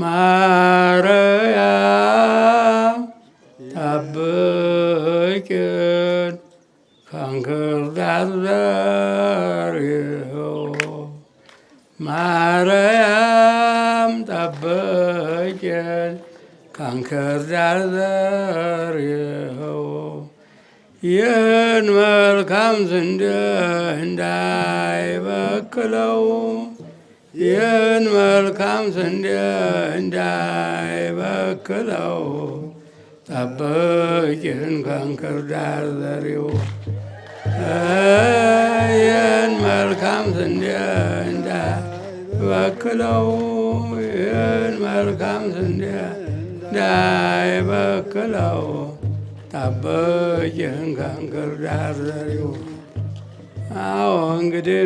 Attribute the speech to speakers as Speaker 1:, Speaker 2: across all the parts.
Speaker 1: ማርያም ታብቅን ከንክርዳት ዘሪሆ ማርያም ታብቅን ከንክርዳት ዘሪሆ ይህን መልካም ዝንደ መልካም ስንዴ እንዳይበክለው ጠብቂን ከእንክር ዳር ዘሪው ይህን መልካም ስንዴ እንዳይበክለው ይህን መልካም ስንዴ እንዳይበክለው ጠብቂን ከእንክር ዳር ዘሪው አዎ እንግዲህ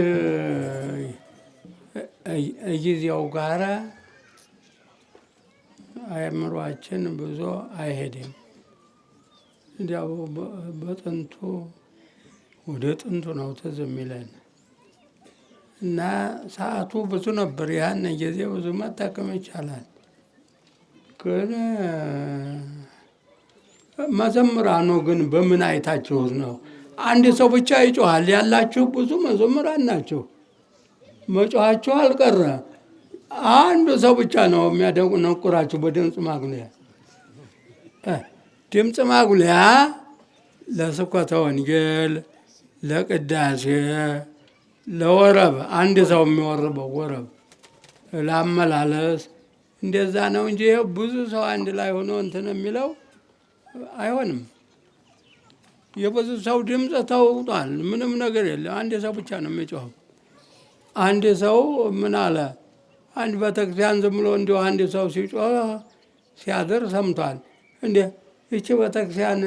Speaker 1: ጊዜው ጋራ አእምሯችን ብዙ አይሄድም። እንዲያው በጥንቱ ወደ ጥንቱ ነው ትዝ የሚለን እና ሰዓቱ ብዙ ነበር። ያን ጊዜ ብዙ መጠቀም ይቻላል። ግን መዘምራኑ ግን በምን አይታችሁት ነው? አንድ ሰው ብቻ ይጮሃል። ያላችሁ ብዙ መዘምራን ናችሁ። መጫዋቸው አልቀረ። አንዱ ሰው ብቻ ነው የሚያደነቁራችሁ በድምፅ ማጉሊያ። ድምፅ ማጉሊያ ለስብከተ ወንጌል፣ ለቅዳሴ፣ ለወረብ አንድ ሰው የሚወርበው ወረብ፣ ለአመላለስ እንደዛ ነው እንጂ ብዙ ሰው አንድ ላይ ሆኖ እንትን የሚለው አይሆንም። የብዙ ሰው ድምፅ ተውጧል። ምንም ነገር የለም። አንድ ሰው ብቻ ነው የሚጮኸው። አንድ ሰው ምን አለ፣ አንድ ቤተክርስቲያን ዝም ብሎ እንዲሁ አንድ ሰው ሲጮህ ሲያድር ሰምቷል። እንዴ ይቺ ቤተክርስቲያን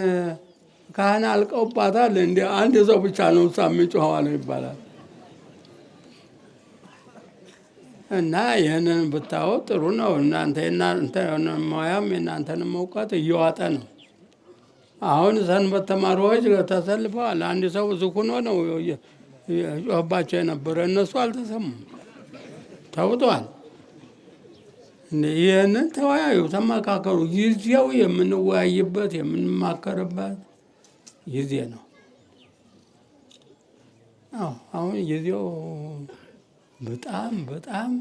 Speaker 1: ካህን አልቀውባታል እንዴ? አንድ ሰው ብቻ ነው ሳ የሚጮኸዋ ይባላል። እና ይህንን ብታወ ጥሩ ነው። እናንተ ሙያም የእናንተንም እውቀት እየዋጠ ነው። አሁን ሰንበት ተማሪዎች ተሰልፈዋል። አንድ ሰው ዝኩኖ ነው ጮህባቸው የነበረ እነሱ አልተሰሙም፣ ተውጠዋል። ይህንን ተወያዩ፣ ተመካከሩ። ጊዜው የምንወያይበት የምንማከርበት ጊዜ ነው። አሁን ጊዜው በጣም በጣም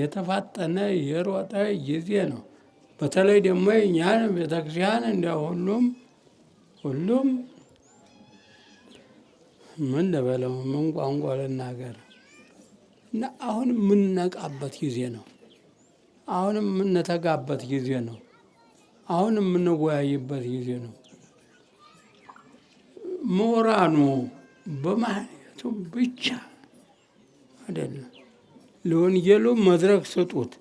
Speaker 1: የተፋጠነ የሮጠ ጊዜ ነው። በተለይ ደግሞ የእኛን ቤተክርስቲያን እንደ ሁሉም ሁሉም ምን ልበለው፣ ምን ቋንቋ ልናገር እና አሁን የምንነቃበት ጊዜ ነው። አሁን የምንተጋበት ጊዜ ነው። አሁን የምንወያይበት ጊዜ ነው። ምሁራኑ በማህሌቱ ብቻ አይደለም። ለወንጌሉ መድረክ ስጡት።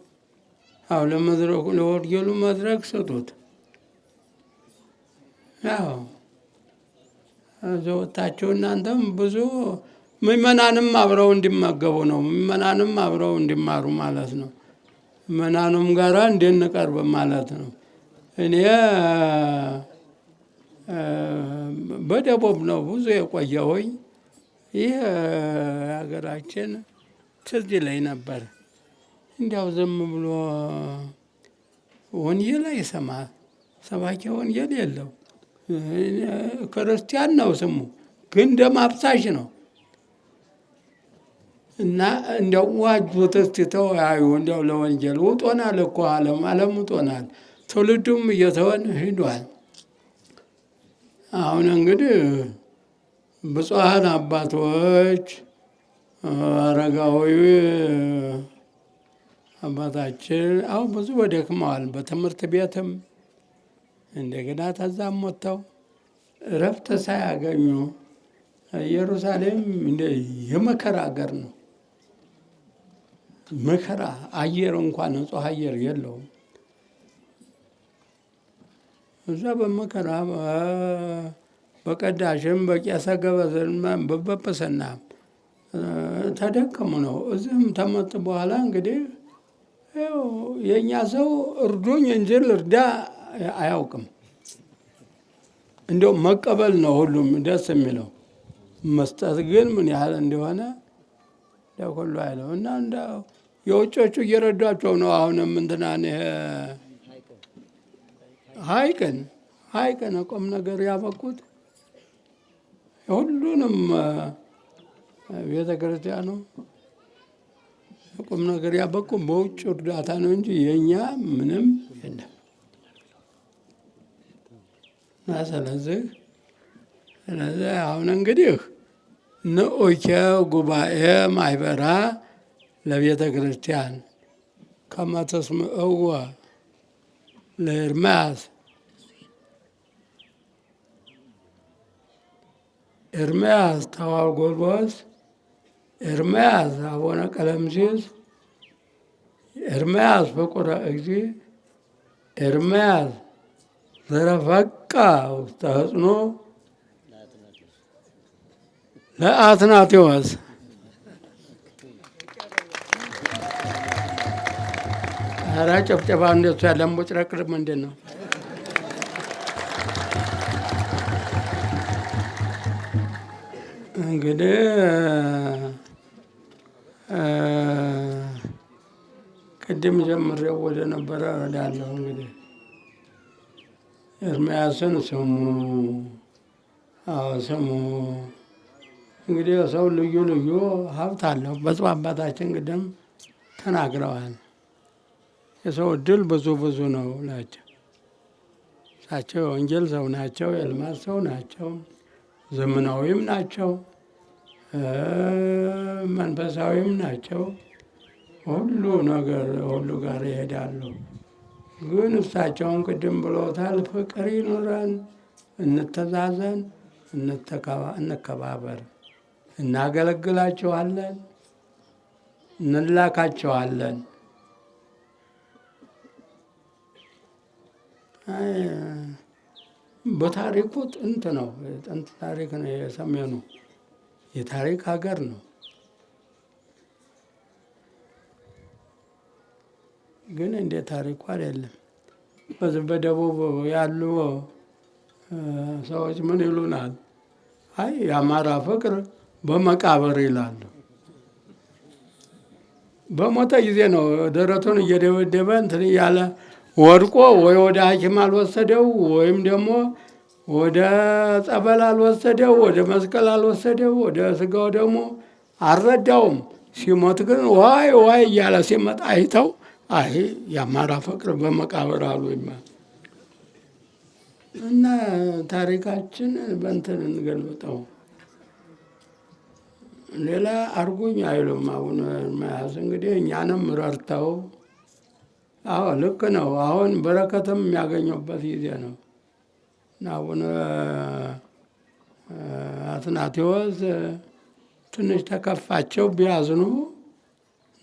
Speaker 1: አዎ ለመድረኩ ለወንጌሉ መድረክ ስጡት። ያው ዘወታችሁ እናንተም ብዙ ምእመናንም አብረው እንዲመገቡ ነው። ምእመናንም አብረው እንዲማሩ ማለት ነው። ምእመናኑም ጋራ እንድንቀርብ ማለት ነው። እኔ በደቡብ ነው ብዙ የቆየሁኝ። ይህ ሀገራችን ትዝ ይለኝ ነበር። እንዲያው ዝም ብሎ ወንጌል አይሰማ ሰባኪ ወንጌል የለው ክርስቲያን ነው ስሙ፣ ግን ደም አፍሳሽ ነው። እና እንደው ዋጁት እስቲ ተወያዩ። እንደው ለወንጀል ውጦናል እኮ ዓለም ዓለም ውጦናል፣ ትውልዱም እየተወን ሂዷል። አሁን እንግዲህ ብፁዓን አባቶች አረጋዊ አባታችን አሁን ብዙ ወደክመዋል በትምህርት ቤትም እንደገና ተዛም ወጥተው እረፍት ሳያገኙ ኢየሩሳሌም የመከራ ሀገር ነው። መከራ አየር እንኳን ንጹህ አየር የለውም። እዛ በመከራ በቀዳሽም በቄሰ ገበዝም በበበሰና ተደከሙ ነው። እዚህም ተመጡ በኋላ እንግዲህ የእኛ ሰው እርዱኝ እንጂ ልርዳ አያውቅም። እንዲሁም መቀበል ነው ሁሉም ደስ የሚለው መስጠት ግን ምን ያህል እንደሆነ ለሁሉ አይለው እና እንደ የውጮቹ እየረዷቸው ነው። አሁንም እንትናን ሀይቅን ሀይቅን ቁም ነገር ያበቁት ሁሉንም ቤተ ክርስቲያኑ ቁም ነገር ያበቁ በውጭ እርዳታ ነው እንጂ የእኛ ምንም የለም። እና ስለዚህ ስለዚህ አሁን እንግዲህ ንዑኬ ጉባኤ ማይበራ ለቤተ ክርስቲያን ከመተስምዕዎ ለኤርምያስ ኤርምያስ ተዋጎልጎስ ኤርምያስ አቡነ ቀለምሲስ ኤርምያስ በቁረ እግዚእ ኤርምያስ ዘረፈቃ ውስተ ህጽኖ ለአትናቴዎስ ኧረ ጨብጨባ እንደሱ ያለ ሞጭረቅ ምንድን ነው? እንግዲህ ቅድም ጀምሬው ወደ ነበረ እሄዳለሁ እንግዲህ ኤርምያስን ስሙ። ስሙ። እንግዲህ ሰው ልዩ ልዩ ሀብት አለው። ብፁዕ አባታችን ቅድም ተናግረዋል። የሰው እድል ብዙ ብዙ ነው ናቸው። እሳቸው የወንጌል ሰው ናቸው፣ የልማት ሰው ናቸው፣ ዘመናዊም ናቸው፣ መንፈሳዊም ናቸው። ሁሉ ነገር ሁሉ ጋር ይሄዳሉ። ግን እሳቸውን ቅድም ብሎታል። ፍቅር ይኑረን፣ እንተዛዘን፣ እንከባበር፣ እናገለግላቸዋለን፣ እንላካቸዋለን። በታሪኩ ጥንት ነው፣ ጥንት ታሪክ ነው። የሰሜኑ የታሪክ ሀገር ነው። ግን እንደ ታሪኩ አይደለም። በደቡብ ያሉ ሰዎች ምን ይሉናል? አይ የአማራ ፍቅር በመቃብር ይላሉ። በሞተ ጊዜ ነው ደረቱን እየደበደበ እንትን እያለ ወድቆ ወይ ወደ ሐኪም አልወሰደው ወይም ደግሞ ወደ ጸበል አልወሰደው ወደ መስቀል አልወሰደው ወደ ስጋው ደግሞ አልረዳውም። ሲሞት ግን ዋይ ዋይ እያለ ሲመጣ አይተው አይ የአማራ ፍቅር በመቃብር አሉኝ እና ታሪካችን በንትን እንገልብጠው። ሌላ አርጉኝ አይሉም። አሁን መያዝ እንግዲህ እኛንም ረድተው አዎ ልክ ነው። አሁን በረከትም የሚያገኙበት ጊዜ ነው እና አሁን አትናቴዎስ ትንሽ ተከፋቸው ቢያዝኑ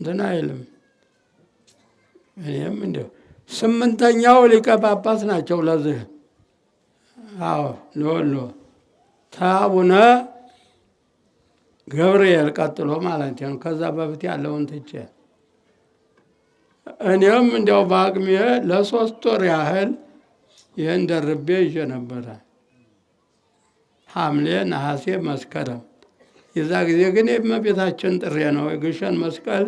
Speaker 1: እንትን አይልም። እኔም እንደ ስምንተኛው ሊቀ ጳጳስ ናቸው። ለዚህ አዎ ኖ ታቡነ ገብርኤል ቀጥሎ ማለት ነው። ከዛ በፊት ያለውን ትቼ እኔም እንዲያው በአቅሜ ለሶስት ወር ያህል ይህን ደርቤ ይዤ ነበረ። ሐምሌ፣ ነሐሴ፣ መስከረም የዛ ጊዜ ግን የእመቤታችን ጥሬ ነው የግሸን መስቀል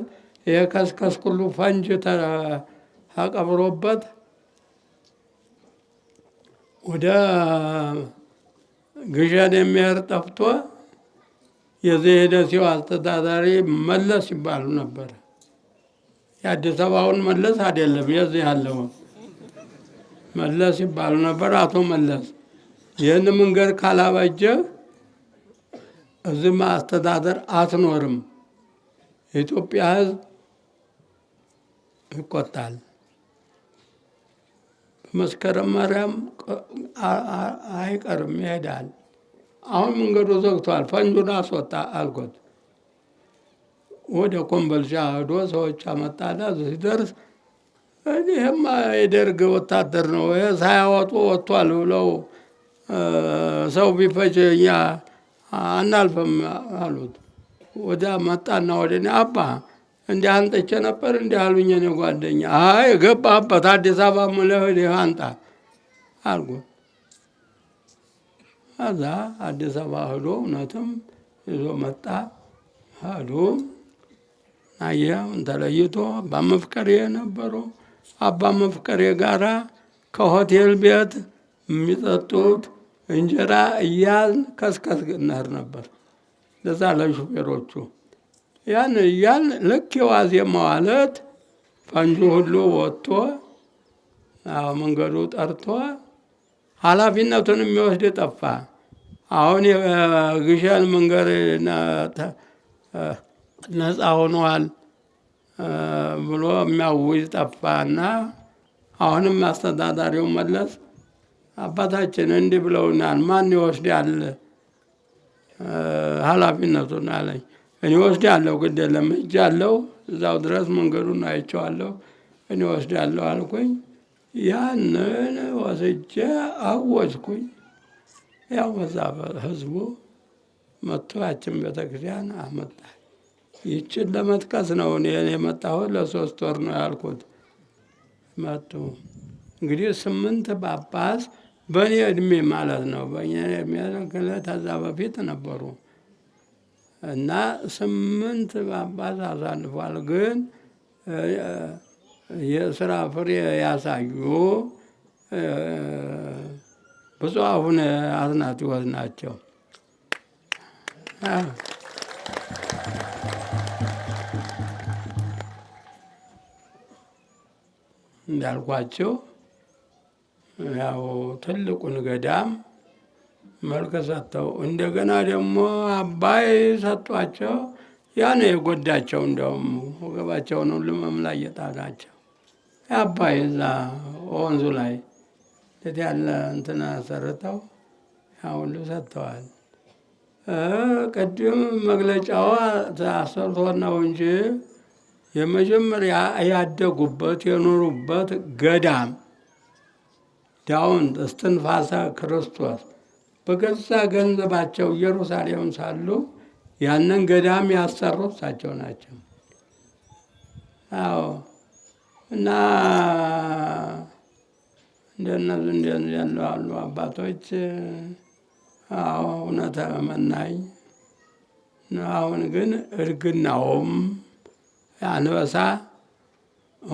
Speaker 1: የከስከስ ሁሉ ፈንጅ ተቀብሮበት ወደ ግሸን የሚያር ጠፍቶ የዘሄደ ሲው አስተዳዳሪ መለስ ይባሉ ነበር። የአዲስ አበባውን መለስ አይደለም፣ የዚህ ያለውን መለስ ይባሉ ነበር። አቶ መለስ ይህን መንገድ ካላበጀ እዚህ ማስተዳደር አትኖርም። የኢትዮጵያ ሕዝብ ይቆጣል። በመስከረም ማርያም አይቀርም ይሄዳል። አሁን መንገዱ ዘግቷል፣ ፈንጁን አስወጣ አልኩት። ወደ ኮምቦልቻ ሄዶ ሰዎች አመጣና ሲደርስ ይህማ የደርግ ወታደር ነው ይህ ሳያወጡ ወጥቷል ብለው ሰው ቢፈጅ እኛ አናልፈም አሉት። ወደ መጣና ወደ እኔ አባ እንዲህ አንጠቸ ነበር እንዲህ አሉኝ። እኔ ጓደኛ አይ ገባህበት አዲስ አበባ ሙለህ አንጣ አልጎ ከዛ አዲስ አበባ ህዶ እውነትም ይዞ መጣ። ህዶ አየውን ተለይቶ አባ መፍቀሬ የነበሩ አባ መፍቀሬ ጋራ ከሆቴል ቤት የሚጠጡት እንጀራ እያል ከስከስ ነህር ነበር ለዛ ለሹፌሮቹ ያን እያል ልክ የዋዜማው አለት ፈንጁ ሁሉ ወጥቶ መንገዱ ጠርቶ ኃላፊነቱን የሚወስድ ጠፋ። አሁን የግሸን መንገድ ነፃ ሆኗል ብሎ የሚያውጅ ጠፋና አሁንም አስተዳዳሪው መለስ አባታችን እንዲህ ብለውናል፣ ማን ይወስዳል ኃላፊነቱን አለኝ። እኔ ወስዳለሁ ግድ የለም ሄጃለሁ እዛው ድረስ መንገዱን አይቼዋለሁ እኔ ወስዳለሁ አልኩኝ። ያንን ወስጄ አወጅኩኝ። ያው በዛ ህዝቡ መጥቶ ያችን ቤተክርስቲያን አመጣ። ይችን ለመጥቀስ ነው እኔ የመጣሁት ለሶስት ወር ነው ያልኩት። መጡ እንግዲህ ስምንት ጳጳስ በእኔ እድሜ ማለት ነው በእኔ እድሜ ከዛ በፊት ነበሩ እና ስምንት ጳጳስ አሳልፏል። ግን የስራ ፍሬ ያሳዩ ብፁዕ አቡነ አትናቴዎስ ናቸው። እንዳልኳቸው ያው ትልቁን ገዳም መልክ ሰጥተው እንደገና ደግሞ አባይ ሰጧቸው። ያ ነው የጎዳቸው። እንደውም ወገባቸውን ልመም ላይ የጣላቸው አባይ እዛ ወንዙ ላይ እንዴት ያለ እንትን አሰርተው ሁሉ ሰጥተዋል። ቅድም መግለጫዋ አሰርቶ ነው እንጂ የመጀመሪያ ያደጉበት የኖሩበት ገዳም ዳውንት እስትንፋሰ ክርስቶስ በገዛ ገንዘባቸው ኢየሩሳሌም ሳሉ ያንን ገዳም ያሰሩት እሳቸው ናቸው። አዎ እና እንደነዚህ እንደዚህ ያሉ አሉ አባቶች። አዎ እውነተ መናኝ። አሁን ግን እርግናውም አንበሳ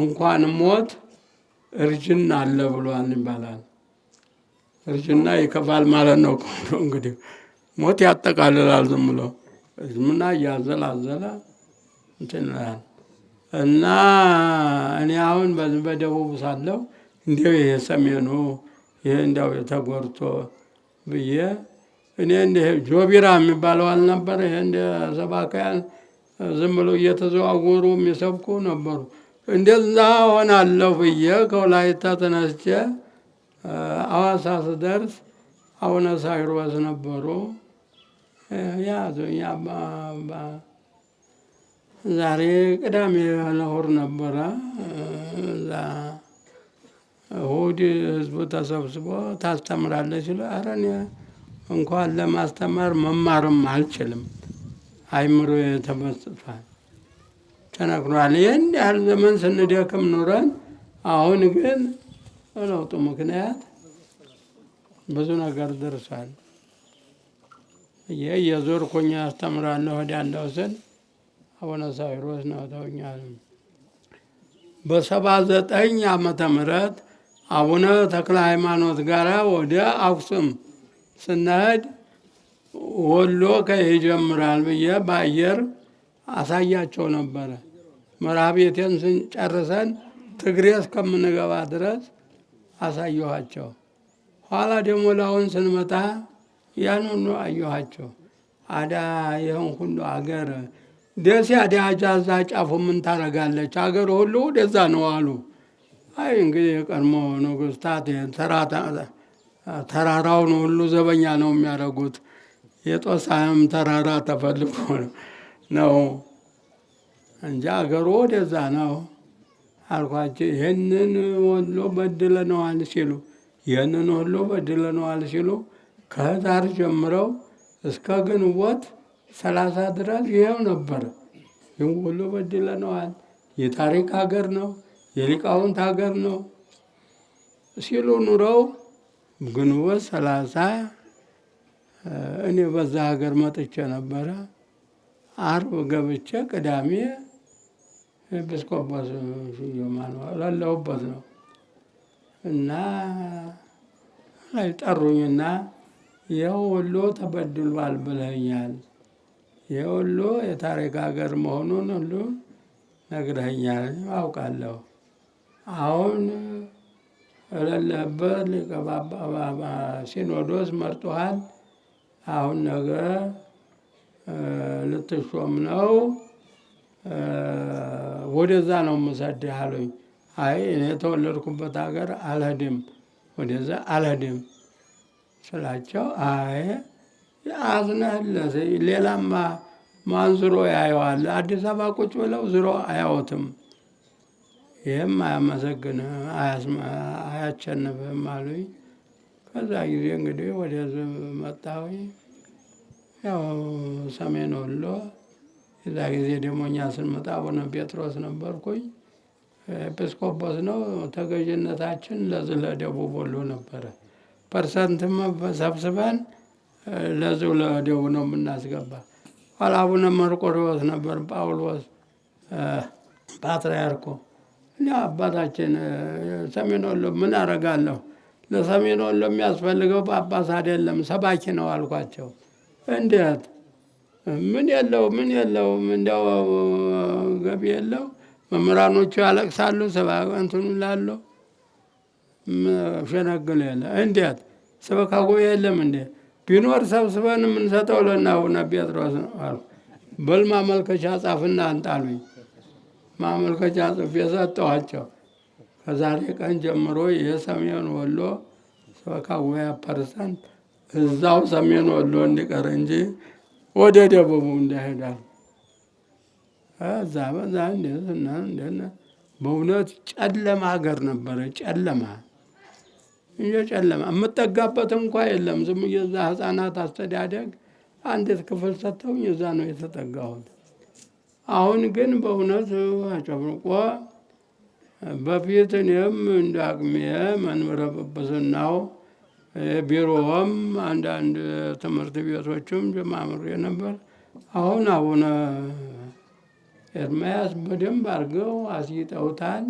Speaker 1: እንኳን ሞት እርጅና አለ ብሏል ይባላል። እርጅና ይከፋል ማለት ነው። እንግዲህ ሞት ያጠቃልላል ዝም ብሎ ዝምና እያዘላዘለ እንትን ይላል እና እኔ አሁን በዚህ በደቡብ ሳለው እንዲው ይሄ ሰሜኑ ይሄ እንዲያው የተጎርቶ ብዬ እኔ እንደ ጆቢራ የሚባለው አልነበረ ይሄ እንደ ሰባካያን ዝም ብሎ እየተዘዋወሩ የሚሰብኩ ነበሩ። እንደዛ ሆናለሁ ብዬ ከወላይታ ተነስቼ አዋሳ ስደርስ አቡነ ሳይሮስ ነበሩ ያዙኝ። ዛሬ ቅዳሜ ለሆር ነበረ። እዛ እሑድ ህዝቡ ተሰብስቦ ታስተምራለች ሲሉ ኧረ እኔ እንኳን ለማስተማር መማርም አልችልም፣ አይምሮ ተመስጧል፣ ተነክሯል። ይህን ያህል ዘመን ስንደክም ኑረን አሁን ግን በለውጡ ምክንያት ብዙ ነገር ደርሷል። ይህ የዞርኩኝ አስተምራለሁ ወዲያለሁ ስል አቡነ ሳዊሮስ ነው ተውኛል። በሰባ ዘጠኝ ዓመተ ምህረት አቡነ ተክለ ሃይማኖት ጋር ወደ አክሱም ስናሄድ ወሎ ከይህ ብዬ በአየር አሳያቸው ነበረ። መርሃ ቤቴን ስንጨርሰን ትግሬ እስከምንገባ ድረስ አሳየኋቸው። ኋላ ደግሞ ላሁን ስንመጣ ያን ሁሉ አየኋቸው። አዳ ይህን ሁሉ አገር ደሴ አዳጃ እዛ ጫፉ ምን ታረጋለች? አገር ሁሉ ወደዛ ነው አሉ። አይ እንግዲህ የቀድሞ ንጉስታት ተራራውን ሁሉ ዘበኛ ነው የሚያደርጉት። የጦሳም ተራራ ተፈልጎ ነው እንጂ አገሩ ወደዛ ነው። አልኳቸው። ይህንን ወሎ በድለነዋል ሲሉ ይህንን ሁሉ በድለነዋል ሲሉ ከህዳር ጀምረው እስከ ግንቦት ሰላሳ ድረስ ይኸው ነበር ይህም ሁሉ በድለነዋል፣ የታሪክ ሀገር ነው፣ የሊቃውንት ሀገር ነው ሲሉ ኑረው ግንቦት ሰላሳ እኔ በዛ ሀገር መጥቼ ነበረ። አርብ ገብቼ ቅዳሜ ኤጲስቆጶስ ማኑኤል አለሁበት ነው እና ላይ ጠሩኝና ይኸው ወሎ ተበድሏል ብለኛል ይኸው ወሎ የታሪክ ሀገር መሆኑን ሁሉ ነግረኸኛል፣ አውቃለሁ። አሁን እለለህበት ሊቀ ሲኖዶስ መርጦሃል። አሁን ነገ ልትሾም ነው ወደዛ ነው የምሰድህ አሉኝ። አይ እኔ የተወለድኩበት ሀገር አልሄድም፣ ወደዛ አልሄድም ስላቸው አይ አዝነህለት ሌላማ ማን ዝሮ ያየዋል? አዲስ አበባ ቁጭ ብለው ዝሮ አያወትም። ይህም አያመሰግንህም፣ አያቸንፍህም አሉኝ። ከዛ ጊዜ እንግዲህ ወደ መጣ ያው ሰሜን ወሎ እዛ ጊዜ ደግሞ እኛ ስንመጣ አቡነ ጴጥሮስ ነበርኩኝ። ኤጲስቆጶስ ነው። ተገዥነታችን ለደቡብ ወሎ ነበረ። ፐርሰንትም ሰብስበን ለዚሁ ለደቡብ ነው የምናስገባ። ኋላ አቡነ መርቆሬዎስ ነበር፣ ጳውሎስ ፓትርያርኩ። እ አባታችን ሰሜን ወሎ ምን አረጋለሁ? ለሰሜን ወሎ የሚያስፈልገው ጳጳስ አይደለም ሰባኪ ነው አልኳቸው። እንዴት ምን የለው ምን የለውም እንደው ገቢ የለው መምህራኖቹ ያለቅሳሉ ሰብአ እንትኑ ይላሉ። ሸነግል የለ እንዴት ስበካ ጉባኤ የለም እንዴ? ቢኖር ሰብስበን የምንሰጠው ለናቡነ ጴጥሮስ ነው በል ማመልከቻ ጻፍና አምጣ ማመልከቻ ጽፌ ሰጠኋቸው። ከዛሬ ቀን ጀምሮ የሰሜን ወሎ ሰበካ ጉባኤ ፐርሰንት እዛው ሰሜን ወሎ እንዲቀር እንጂ ወደ ደቡቡ እንዳይሄዳል እዛ በዛ በእውነት ጨለማ ሀገር ነበረ። ጨለማ እንደ ጨለማ የምጠጋበት እንኳ የለም። ዝም የዛ ህፃናት አስተዳደግ አንዲት ክፍል ሰጥተውኝ እዛ ነው የተጠጋሁት። አሁን ግን በእውነት አጨብርቆ በፊት እኔም እንደ አቅሜ መንበረ ጵጵስናው ቢሮም አንዳንድ ትምህርት ቤቶችም ጀማምሬ ነበር። አሁን አቡነ ኤርምያስ በደንብ አድርገው አስጊጠውታል።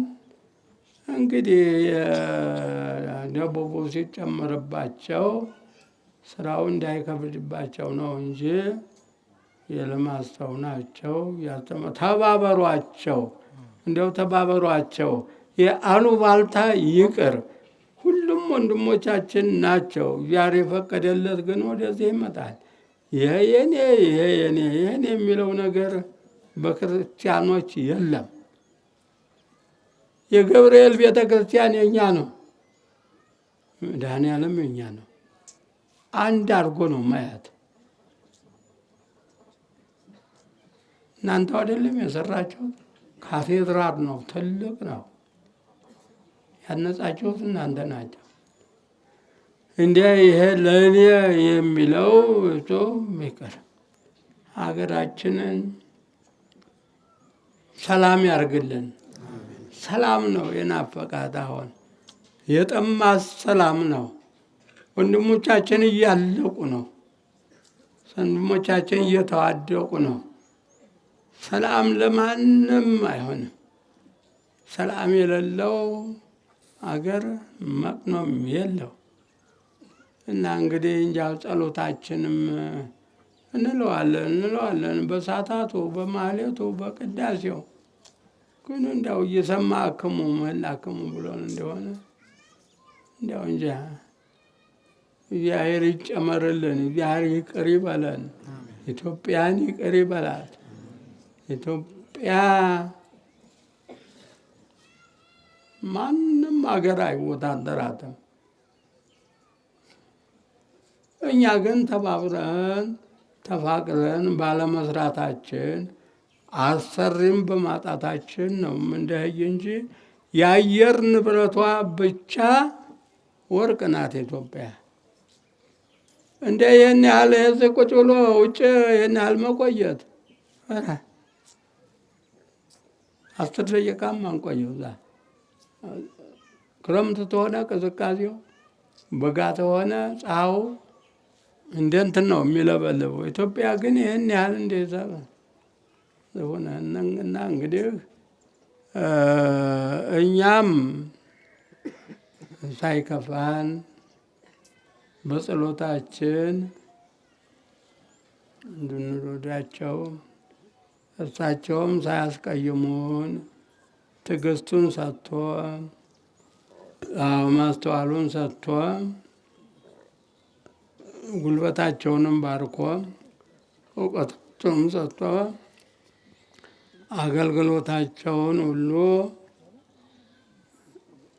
Speaker 1: እንግዲህ ደቦቡ ሲጨምርባቸው ስራው እንዳይከብድባቸው ነው እንጂ የልማት ሰው ናቸው። ተባበሯቸው፣ እንደው ተባበሯቸው። የአሉባልታ ይቅር ሁሉም ወንድሞቻችን ናቸው። እግዚአብሔር የፈቀደለት ግን ወደዚህ ይመጣል። ይሄ የኔ ይሄ የኔ ይሄን የሚለው ነገር በክርስቲያኖች የለም። የገብርኤል ቤተ ክርስቲያን የእኛ ነው። መድኃኔዓለም የእኛ ነው። አንድ አድርጎ ነው ማያት። እናንተው አይደለም የሰራቸው ካቴድራል ነው፣ ትልቅ ነው። ያነጻችሁት እናንተ ናቸው። እንዲያ ይሄ ለእኔ የሚለው እቶ ይቅር። ሀገራችንን ሰላም ያርግልን። ሰላም ነው የናፈቃት። አሁን የጠማት ሰላም ነው። ወንድሞቻችን እያለቁ ነው። ወንድሞቻችን እየተዋደቁ ነው። ሰላም ለማንም አይሆንም። ሰላም የሌለው አገር መቅኖም የለው እና እንግዲህ እንጃው ጸሎታችንም እንለዋለን እንለዋለን በሳታቱ በማህሌቱ በቅዳሴው ግን እንዲያው እየሰማ አክሙ መላ አክሙ ብሎን እንደሆነ እንዲያው እንጃ እግዚአብሔር ይጨመርልን። እግዚአብሔር ይቅር ይበለን። ኢትዮጵያን ይቅር ይበላት። ኢትዮጵያ ማንም አገር አይወዳደራትም። እኛ ግን ተባብረን ተፋቅረን ባለመስራታችን አሰሪም በማጣታችን ነው ምንደህይ እንጂ የአየር ንብረቷ ብቻ ወርቅ ናት ኢትዮጵያ። እንደ ይህን ያህል ህዝብ ቁጭ ብሎ ውጭ ይህን ያህል መቆየት አስር ደቂቃም አንቆየው ክረምት ተሆነ ቅዝቃዜው፣ በጋ ተሆነ ፀሐዩ እንደ እንትን ነው የሚለበልበው። ኢትዮጵያ ግን ይህን ያህል እንደዛ ሆነ እና እንግዲህ እኛም ሳይከፋን በጸሎታችን እንድንረዳቸው እሳቸውም ሳያስቀይሙን ትዕግስቱን ሰጥቶ ማስተዋሉን ሰጥቶ ጉልበታቸውንም ባርኮ እውቀታቸውንም ሰጥቶ አገልግሎታቸውን ሁሉ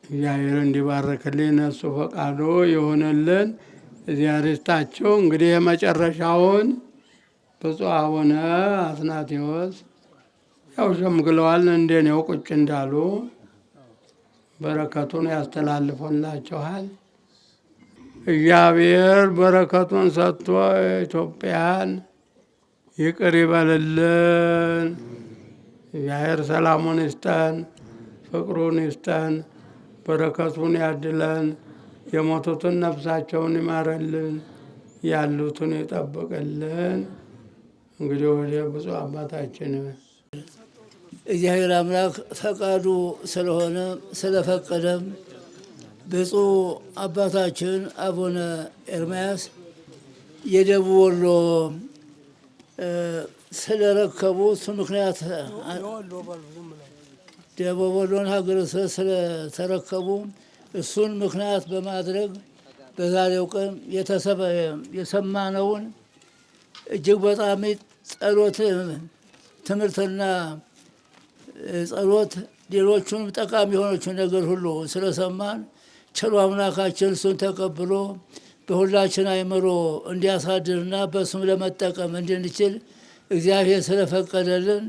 Speaker 1: እግዚአብሔር እንዲባርክልኝ ነሱ ፈቃዶ የሆነልን እዚያ ደስታቸው እንግዲህ የመጨረሻውን ብፁዕ አቡነ አትናቴዎስ ያው ሸምግለዋል። እንደኔው ቁጭ እንዳሉ በረከቱን ያስተላልፎላችኋል። እግዚአብሔር በረከቱን ሰጥቶ ኢትዮጵያን ይቅር ይበልልን። እግዚአብሔር ሰላሙን ይስጠን፣ ፍቅሩን ይስጠን፣ በረከቱን ያድለን፣ የሞቱትን ነፍሳቸውን ይማረልን፣ ያሉትን ይጠብቅልን። እንግዲህ ወደ ብፁዕ አባታችን
Speaker 2: እግዚአብሔር አምላክ ፈቃዱ ስለሆነ ስለፈቀደም ብፁዕ አባታችን አቡነ ኤርምያስ የደቡብ ወሎ ስለረከቡት ምክንያት ደቡብ ወሎን ሀገረ ስለተረከቡ እሱን ምክንያት በማድረግ በዛሬው ቀን የሰማነውን እጅግ በጣም ጸሎት ትምህርትና ጸሎት፣ ሌሎቹንም ጠቃሚ የሆነችን ነገር ሁሉ ስለሰማን ቸሩ አምላካችን እሱን ተቀብሎ በሁላችን አይምሮ እንዲያሳድርና በእሱም ለመጠቀም እንድንችል እግዚአብሔር ስለፈቀደልን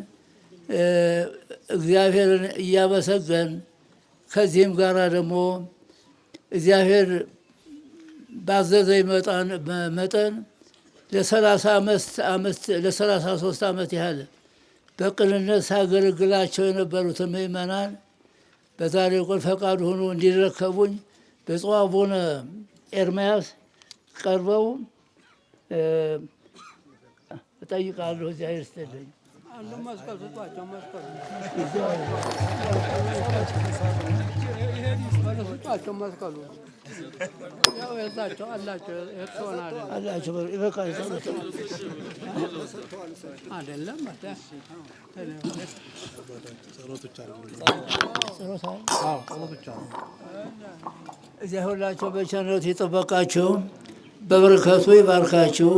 Speaker 2: እግዚአብሔርን እያመሰገን ከዚህም ጋር ደግሞ እግዚአብሔር ባዘዘ መጠን ለሰላሳ ሶስት ዓመት ያህል በቅንነት ሳገለግላቸው የነበሩትን ምእመናን በታሪኩ ፈቃድ ሆኖ እንዲረከቡኝ ብፁዕ አቡነ ኤርምያስ ቀርበው እጠይቃለሁ። እዚያ ይርስትልኝ። መስቀሉ አላቸው በቃ አይደለም። እዚያ ሁላቸው በቸርነቱ ይጠበቃችሁ፣ በበረከቱ ይባርካችሁ።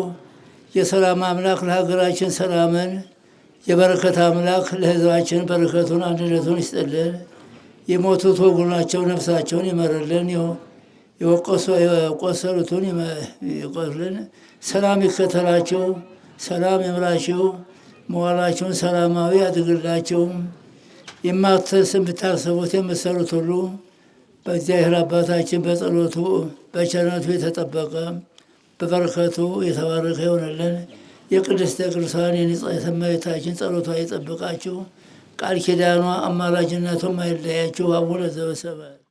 Speaker 2: የሰላም አምላክ ለሀገራችን ሰላምን፣ የበረከት አምላክ ለህዝባችን በረከቱን አንድነቱን ይስጥልን። የሞቱት ወገናቸው ነፍሳቸውን ይመርልን ይሆን የቆሰሉትን ይቆስልን፣ ሰላም ይከተላቸው፣ ሰላም ይምራቸው፣ መዋላቸውን ሰላማዊ የማትስ የምታሰቡት የመሰሉት ሁሉ በእግዚአብሔር አባታችን በጸሎቱ በቸርነቱ የተጠበቀ በበረከቱ የተባረከ ይሆነልን። የቅድስተ ቅዱሳን የእመቤታችን ጸሎቷ ይጠብቃችሁ፣ ቃል ኪዳኗ አማላጅነቷም አይለያችሁ። አቡነ ዘበሰማያት